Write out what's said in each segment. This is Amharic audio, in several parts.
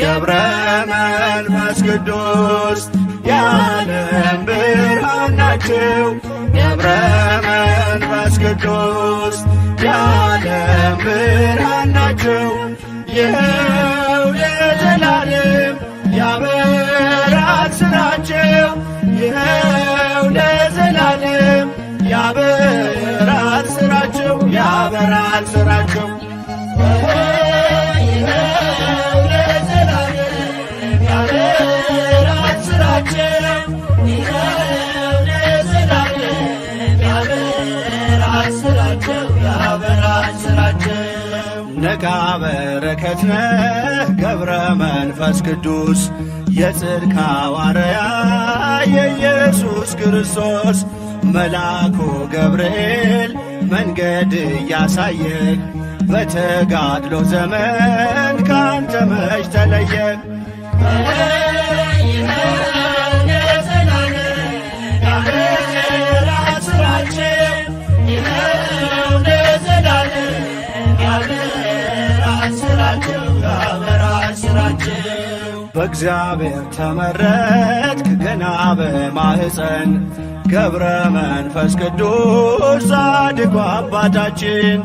ገብረ መንፈስ ቅዱስ የዓለም ብርሃን ናችሁ። ገብረ መንፈስ ቅዱስ የዓለም ብርሃን ይኸው የዘላለም በረከት ገብረ መንፈስ ቅዱስ የጽድቅ ሐዋርያ የኢየሱስ ክርስቶስ መልአኩ ገብርኤል መንገድ እያሳየን በተጋድሎ ዘመን ካንተ መች ተለየን። በእግዚአብሔር ተመረጥክ ገና በማህፀን ገብረ መንፈስ ቅዱስ ጻድቁ አባታችን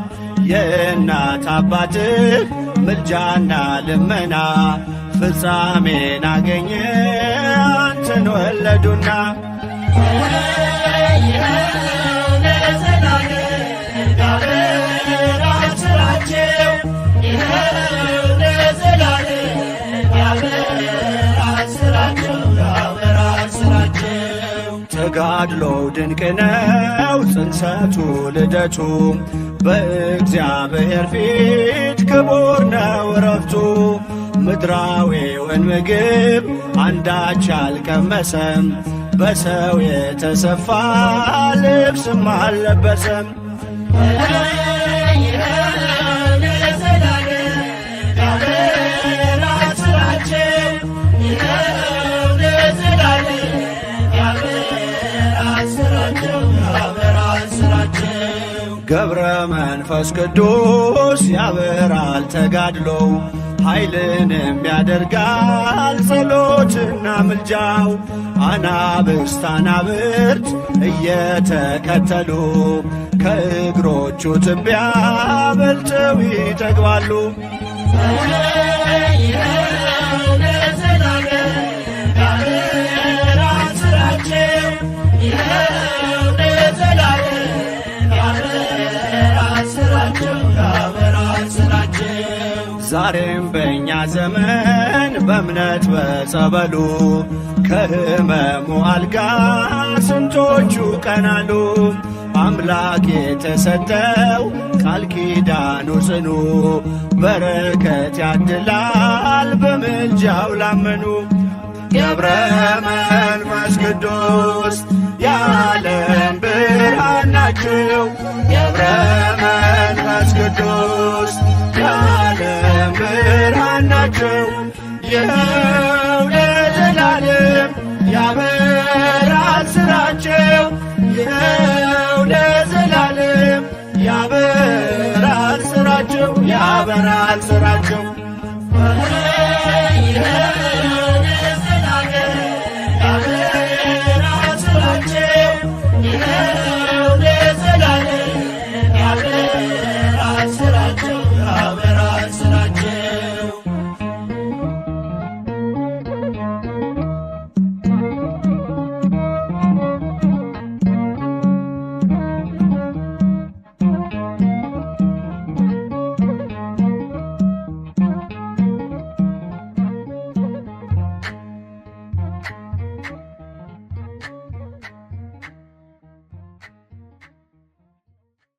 የእናት አባትህ ምልጃና ልመና ፍጻሜን አገኘ አንተን ወለዱና ተጋድሎው ድንቅ ነው ጽንሰቱ ልደቱ በእግዚአብሔር ፊት ክቡር ነው ረፍቱ። ምድራዊውን ምግብ አንዳች አልቀመሰም፣ በሰው የተሰፋ ልብስም አልለበሰም። መንፈስ ቅዱስ ያበራል ተጋድሎው ኃይልንም ያደርጋል ጸሎትና ምልጃው አናብስት አናብርት እየተከተሉ ከእግሮቹ ትቢያ በልጠው ይጠግባሉ። ዛሬም በእኛ ዘመን በእምነት በጸበሉ ከህመሙ አልጋ ስንቶቹ ቀናሉ። አምላክ የተሰጠው ቃል ኪዳኑ ጽኑ በረከት ያድላል በምልጃው ላመኑ ገብረ መንፈስ ቅዱስ ነው ይኸው ለዘላለም ያበራል ስራቸው ይኸው ለዘላለም ያበራል ስራቸው ያበራል ስራቸው Yeah.